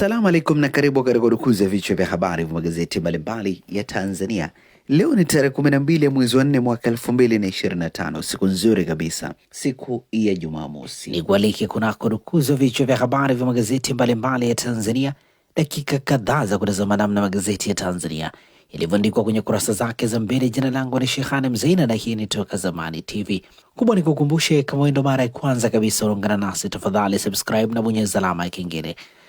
Assalamu alaikum na karibu katika udukuzi ya vichwa vya habari vya magazeti mbalimbali ya Tanzania. Leo ni tarehe kumi na mbili ya mwezi wa nne mwaka elfu mbili na ishirini na tano siku nzuri kabisa, siku ya Jumamosi. Ni kualike kunako dukuzi wa vichwa vya habari vya magazeti mbalimbali ya Tanzania, dakika kadhaa za kutazama namna magazeti ya Tanzania ilivyoandikwa kwenye kurasa zake za mbele. Jina langu ni Shehane Mzaina na hii ni Toka Zamani TV. Kubwa ni kukumbushe, kama wewe ndo mara ya kwanza kabisa unaungana nasi, tafadhali subscribe na bonyeza alama ya kengele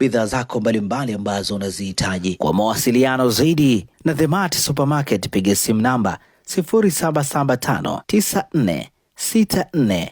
bidhaa zako mbalimbali ambazo unazihitaji. Kwa mawasiliano zaidi na The Mart Supermarket, piga simu namba 0775946447.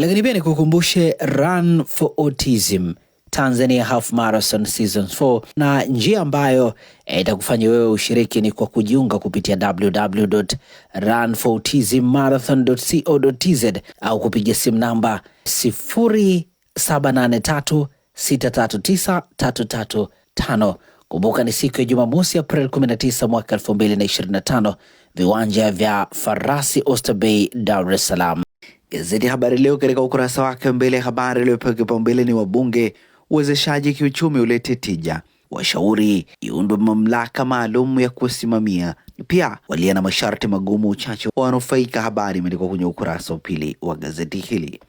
Lakini pia nikukumbushe Run for Autism Tanzania Half Marathon Season 4 na njia ambayo eh, itakufanya wewe ushiriki ni kwa kujiunga kupitia www.runforautismmarathon.co.tz au kupiga simu namba 0783 639335. Kumbuka ni siku ya Jumamosi, April 19 mwaka 2025, viwanja vya Farasi Oysterbay, Dar es Salaam. Gazeti Habari Leo katika ukurasa wake mbele ya habari iliyopewa kipaumbele ni wabunge, uwezeshaji kiuchumi ulete tija, washauri iundwe mamlaka maalum ya kusimamia, pia walia na masharti magumu, uchache wanaofaika. Habari imeandikwa kwenye ukurasa wa pili wa gazeti hili.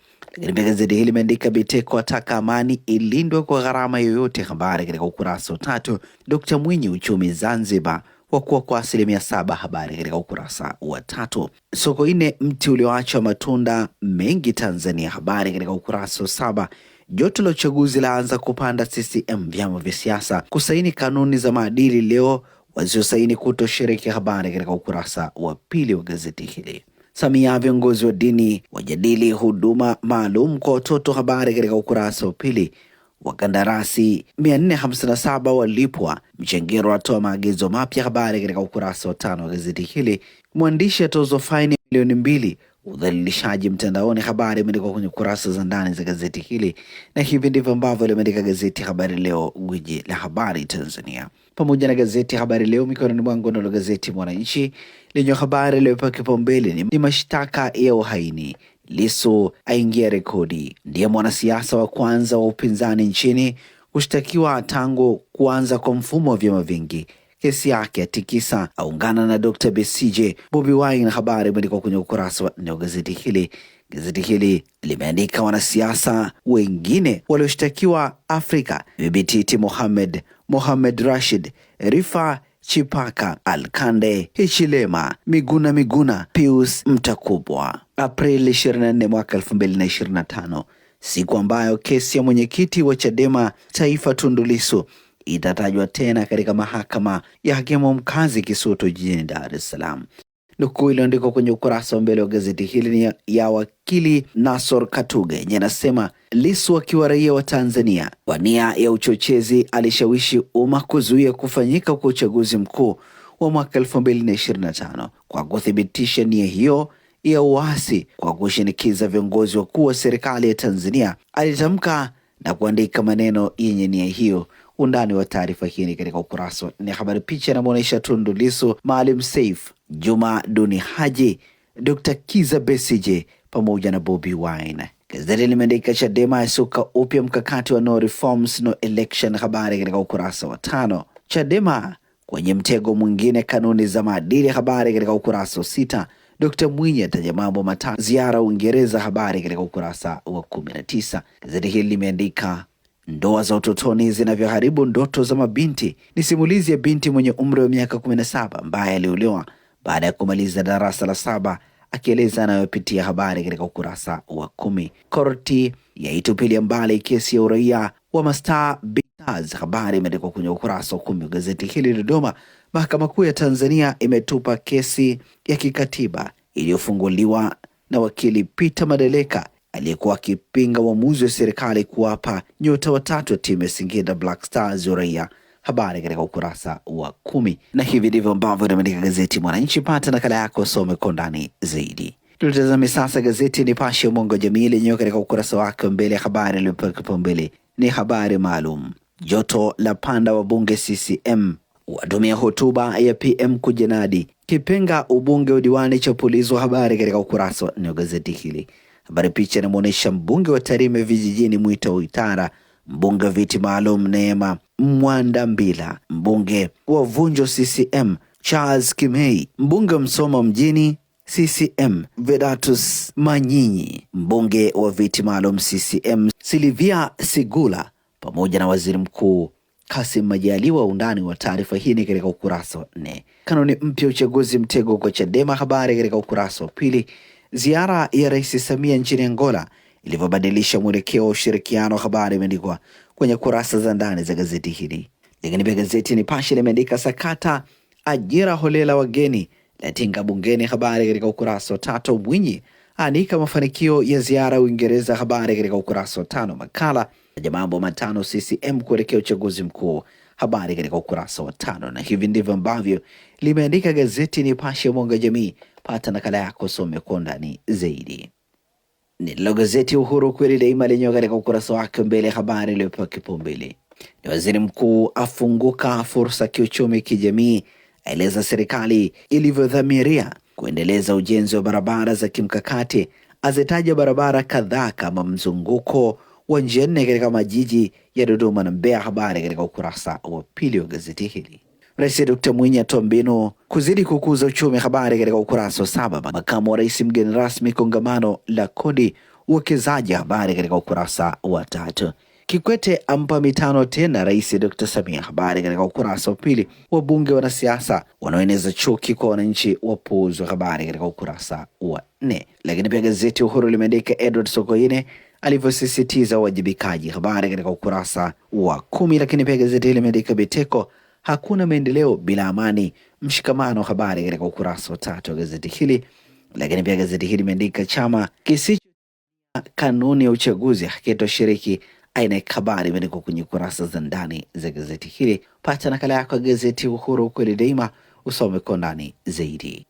Lakini gazeti hili limeandika Biteko ataka amani ilindwe kwa gharama yoyote. Habari katika ukurasa wa tatu. Dkt Mwinyi, uchumi Zanzibar wakuwa kwa asilimia saba. Habari katika ukurasa wa tatu. Soko ine mti ulioachwa matunda mengi Tanzania. Habari katika ukurasa wa saba. Joto la uchaguzi laanza kupanda CCM, vyama vya siasa kusaini kanuni za maadili leo, wasiosaini kutoshiriki. Habari katika ukurasa wa pili wa gazeti hili. Samia, viongozi wa dini wajadili huduma maalum kwa watoto. Habari katika ukurasa wa pili. Wakandarasi 457 walipwa, Mchengero atoa maagizo mapya. Habari katika ukurasa wa tano wa gazeti hili. Mwandishi atozwa faini milioni mbili udhalilishaji mtandaoni. Habari imeandikwa kwenye kurasa za ndani za gazeti hili, na hivi ndivyo ambavyo limeandika gazeti Habari Leo, gwiji la habari Tanzania, pamoja na gazeti Habari Leo mikononi mwangu. Nalo gazeti Mwananchi lenye habari iliyopewa kipaumbele ni mashtaka ya uhaini, Lissu aingia rekodi, ndiye mwanasiasa wa kwanza wa upinzani nchini kushtakiwa tangu kuanza kwa mfumo wa vyama vingi kesi yake yatikisa, aungana na Dr. Besije. Bobi Wine, habari imeandikwa kwenye ukurasa wa nne wa gazeti hili. Gazeti hili limeandika wanasiasa wengine walioshtakiwa Afrika: Bibititi Mohamed, Mohamed Rashid, Rifa Chipaka, Alkande Hichilema, Miguna Miguna, Pius Mtakubwa. Aprili 24 mwaka 2025, siku ambayo kesi ya mwenyekiti wa Chadema Taifa Tundu Lissu itatajwa tena katika mahakama ya hakimu mkazi Kisutu jijini Dar es Salaam. Nukuu iliyoandikwa kwenye ukurasa wa mbele wa gazeti hili ni ya wakili Nasor Katuga yenye anasema Lisu akiwa raia wa Tanzania kwa nia ya uchochezi alishawishi umma kuzuia kufanyika kwa uchaguzi mkuu wa mwaka 2025 kwa kuthibitisha nia hiyo ya uasi kwa kushinikiza viongozi wakuu wa serikali ya Tanzania. Alitamka na kuandika maneno yenye nia hiyo Undani wa taarifa hii ni katika ukurasa wa nne. Habari picha inamwonyesha Tundu Lissu, Maalim Seif, Juma Duni Haji, Dr. Kiza Besije pamoja na Bobi Wine. Gazeti limeandika Chadema yasuka upya mkakati wa no reforms no election, habari katika ukurasa wa tano. Chadema kwenye mtego mwingine, kanuni za maadili, habari katika ukurasa wa sita. Dkt Mwinyi ataja mambo matano, ziara Uingereza, habari katika ukurasa wa kumi na tisa. Gazeti hili limeandika Ndoa za utotoni zinavyoharibu ndoto za mabinti. Ni simulizi ya binti mwenye umri wa miaka 17 ambaye aliolewa baada ya kumaliza darasa la saba, akieleza anayopitia. Habari katika ukurasa wa kumi. Korti yaitupilia mbali kesi ya uraia wa mastaa Bitaz. Habari imeandikwa kwenye ukurasa wa kumi wa gazeti hili. Dodoma, mahakama kuu ya Tanzania imetupa kesi ya kikatiba iliyofunguliwa na wakili Peter Madeleka aliyekuwa akipinga uamuzi wa serikali kuwapa nyota watatu wa timu ya Singida Black Stars uraia. Habari katika ukurasa wa kumi. Na hivi ndivyo ambavyo limeandika gazeti Mwananchi. Pata nakala yako, wasome kwa undani zaidi. Tutazame sasa gazeti Nipashe ya mwanga jamii lenyewe katika ukurasa wake wa mbele, habari iliyopewa kipaumbele ni habari maalum, joto la panda bunge CCM watumia hotuba ya PM kujenadi kipenga ubunge udiwani cha polisi wa habari katika ukurasa wa nne wa gazeti hili. Habari picha inamwonyesha mbunge wa Tarime vijijini Mwita Uitara, mbunge viti maalum Neema Mwandambila, mbunge wa Vunjo CCM Charles Kimei, mbunge wa Msoma mjini CCM Vedatus Manyinyi, mbunge wa viti maalum CCM Silivia Sigula pamoja na waziri mkuu Kasim Majaliwa. Undani wa taarifa hii ni katika ukurasa wa nne. Kanuni mpya uchaguzi mtego kwa Chadema, habari katika ukurasa wa pili ziara ya Rais Samia nchini Angola ilivyobadilisha mwelekeo wa ushirikiano wa habari imeandikwa kwenye kurasa za ndani za gazeti hili. Lakini pia gazeti Nipashe limeandika sakata ajira holela wageni latinga bungeni, habari katika ukurasa wa tatu. Mwinyi anika mafanikio ya ziara ya Uingereza, habari katika ukurasa wa tano. Makala ya mambo matano CCM kuelekea uchaguzi mkuu, habari katika ukurasa wa tano. Na hivi ndivyo ambavyo limeandika gazeti Nipashe Mwanga Jamii. Pata nakala yako some kwa undani zaidi. Nilo gazeti Uhuru kweli daima lenyewe katika ukurasa wake mbele ya habari iliyopewa kipaumbele ni waziri mkuu afunguka fursa kiuchumi kijamii, aeleza serikali ilivyodhamiria kuendeleza ujenzi wa barabara za kimkakati, azitaja barabara kadhaa kama mzunguko wa njia nne katika majiji ya Dodoma na Mbeya. Habari katika ukurasa wa pili wa gazeti hili. Rais Dr. Mwinyi atoa mbinu kuzidi kukuza uchumi. Habari katika ukurasa wa saba. Makamu wa rais mgeni rasmi kongamano la kodi uwekezaji. Habari katika ukurasa wa tatu. Kikwete ampa mitano tena Rais Dr. Samia. Habari katika ukurasa wa pili. Wabunge wanasiasa wanaoeneza chuki kwa wananchi wapuuzwa. Habari katika ukurasa wa nne. Lakini pia gazeti Uhuru limeandika Edward Sokoine alivyosisitiza uwajibikaji. Habari katika ukurasa wa kumi. Lakini pia gazeti limeandika Biteko hakuna maendeleo bila amani. Mshikamano wa habari katika ukurasa wa tatu wa gazeti hili. Lakini pia gazeti hili imeandika chama kisicho kanuni ya uchaguzi hakitoshiriki ya Habari imeandikwa kwenye kurasa za ndani za gazeti hili. Pata nakala yako ya gazeti Uhuru ukweli daima, usome kwa ndani zaidi.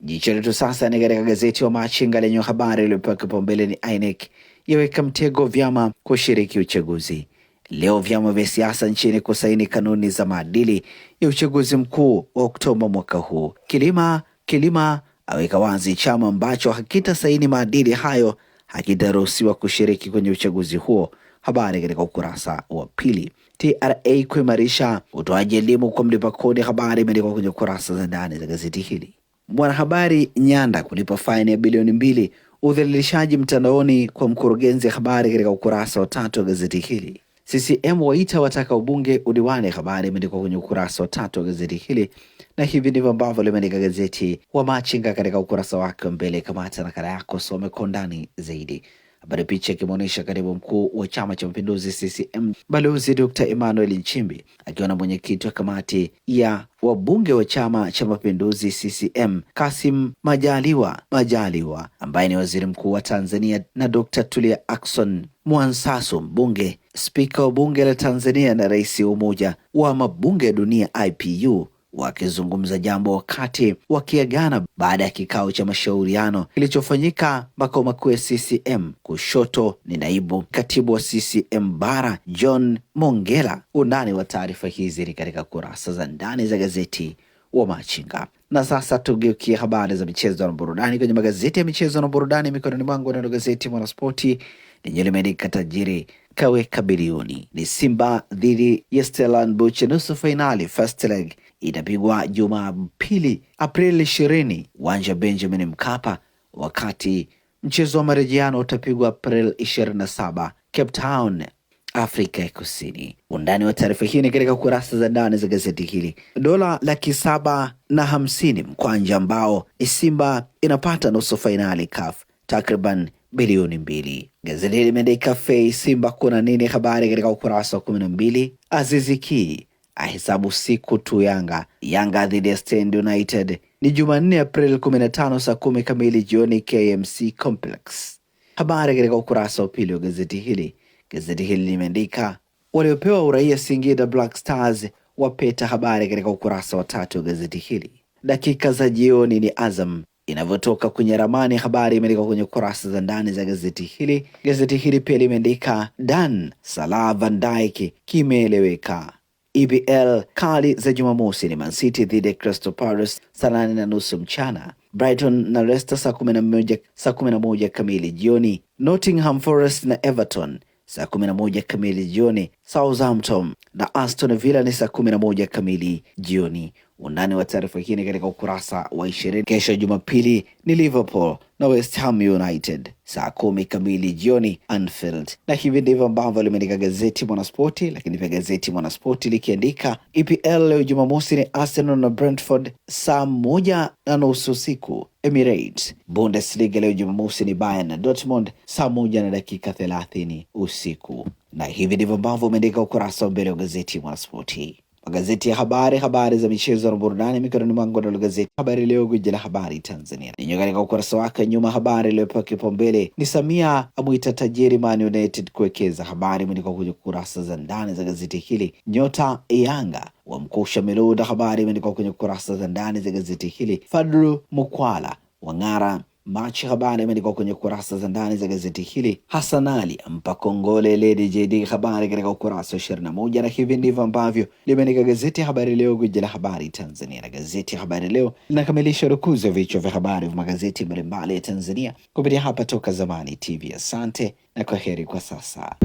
Jicho letu sasa ni katika gazeti wa Machinga lenye habari iliyopewa kipaumbele ni INEC yaweka mtego vyama kushiriki uchaguzi leo vyama vya siasa nchini kusaini kanuni za maadili ya uchaguzi mkuu wa Oktoba mwaka huu. Kilima Kilima aweka wazi chama ambacho hakitasaini maadili hayo hakitaruhusiwa kushiriki kwenye uchaguzi huo. Habari katika ukurasa wa pili. TRA kuimarisha utoaji elimu kwa mlipa kodi. Habari imeandikwa kwenye kurasa za ndani za gazeti hili. Mwanahabari Nyanda kulipa faini ya bilioni mbili udhalilishaji mtandaoni kwa mkurugenzi. Habari katika ukurasa wa tatu wa gazeti hili. CCM waita wataka ubunge udiwani. Habari imeandikwa kwenye ukurasa wa tatu wa gazeti hili, na hivi ndivyo ambavyo limeandika gazeti wa Machinga katika ukurasa wake wa mbele. Kamata nakala yako, some kwa undani zaidi. Habari picha ikimwonyesha katibu mkuu wa Chama cha Mapinduzi CCM Balozi Dr. Emmanuel Nchimbi akiwa na mwenyekiti wa kamati ya wabunge wa Chama cha Mapinduzi CCM Kasim Majaliwa Majaliwa ambaye ni waziri mkuu wa Tanzania na Dr. Tulia Ackson Mwansasu, mbunge, spika wa bunge la Tanzania na rais wa umoja wa mabunge ya dunia IPU wakizungumza jambo wakati wakiagana baada ya kikao cha mashauriano kilichofanyika makao makuu ya CCM. Kushoto ni naibu katibu wa CCM bara John Mongela. Undani wa taarifa hizi ni katika kurasa za ndani za gazeti wa Machinga. Na sasa tugeukie habari za michezo na burudani kwenye magazeti ya michezo na burudani mikononi mwangu, nalo gazeti Mwanaspoti lenye limeandika tajiri kaweka bilioni ni Simba dhidi ya Stellenbosch, nusu fainali first leg itapigwa Jumapili Aprili ishirini uwanja Benjamin Mkapa, wakati mchezo wa marejeano utapigwa april ishirini na saba Cape Town Afrika ya Kusini. Undani wa taarifa hii ni katika kurasa za ndani za gazeti hili. Dola laki saba na hamsini mkwanja ambao Simba inapata nusu fainali CAF takriban bilioni mbili. Gazeti hili limeandika fei Simba kuna nini, habari katika ukurasa wa kumi na mbili. Azizi Ki ahesabu siku tu Yanga, Yanga dhidi ya Stand United ni Jumanne Aprili 15 saa kumi kamili jioni KMC Complex. Habari katika ukurasa wa pili wa gazeti hili Gazeti hili limeandika waliopewa uraia Singida Black Stars wapeta habari katika ukurasa wa tatu wa gazeti hili. Dakika za jioni ni Azam inavyotoka kwenye ramani, habari imeandikwa kwenye kurasa za ndani za gazeti hili. Gazeti hili pia limeandika Dan Salah Van Dijk kimeeleweka. EPL kali za Jumamosi ni Man City dhidi ya Crystal Palace saa nane na nusu mchana, Brighton na Leicester saa kumi na moja kamili jioni, Nottingham Forest na Everton saa kumi na moja kamili jioni. Southampton na Aston Villa ni saa kumi na moja kamili jioni. Undani wa taarifa hii ni katika ukurasa wa ishirini. Kesho Jumapili ni Liverpool na West Ham United saa kumi kamili jioni Anfield, na hivi ndivyo ambavyo limeandika gazeti Mwanaspoti. Lakini pia gazeti Mwanaspoti likiandika EPL leo Jumamosi ni Arsenal na Brentford saa moja na nusu usiku Emirates. Bundesliga leo Jumamosi ni Bayern na Dortmund saa moja na dakika thelathini usiku, na hivi ndivyo ambavyo umeandika ukurasa wa mbele wa gazeti Mwanaspoti magazeti ya habari, habari za michezo na burudani mikononi mwangu, nalo gazeti Habari Leo, gwiji la habari Tanzania, lenye katika ukurasa wake nyuma habari iliyopewa kipaumbele ni Samia amwita tajiri Man United kuwekeza. Habari meandikwa kwenye kurasa za ndani za gazeti hili. Nyota Yanga wamkusha Miluda, habari imeandikwa kwenye kurasa za ndani za gazeti hili. Fadlu Mukwala wang'ara Machi. Habari imeandikwa kwenye kurasa za ndani za gazeti hili. Hassan Ali ampa kongole Lady JD, habari katika ukurasa wa ishirini na moja na hivi ndivyo ambavyo limeandika gazeti ya Habari Leo, gwiji la habari Tanzania, na gazeti ya Habari Leo linakamilisha rukuzi ya vichwa vya habari vya magazeti mbalimbali ya Tanzania kupitia hapa Toka Zamani TV. Asante na kwa heri kwa sasa.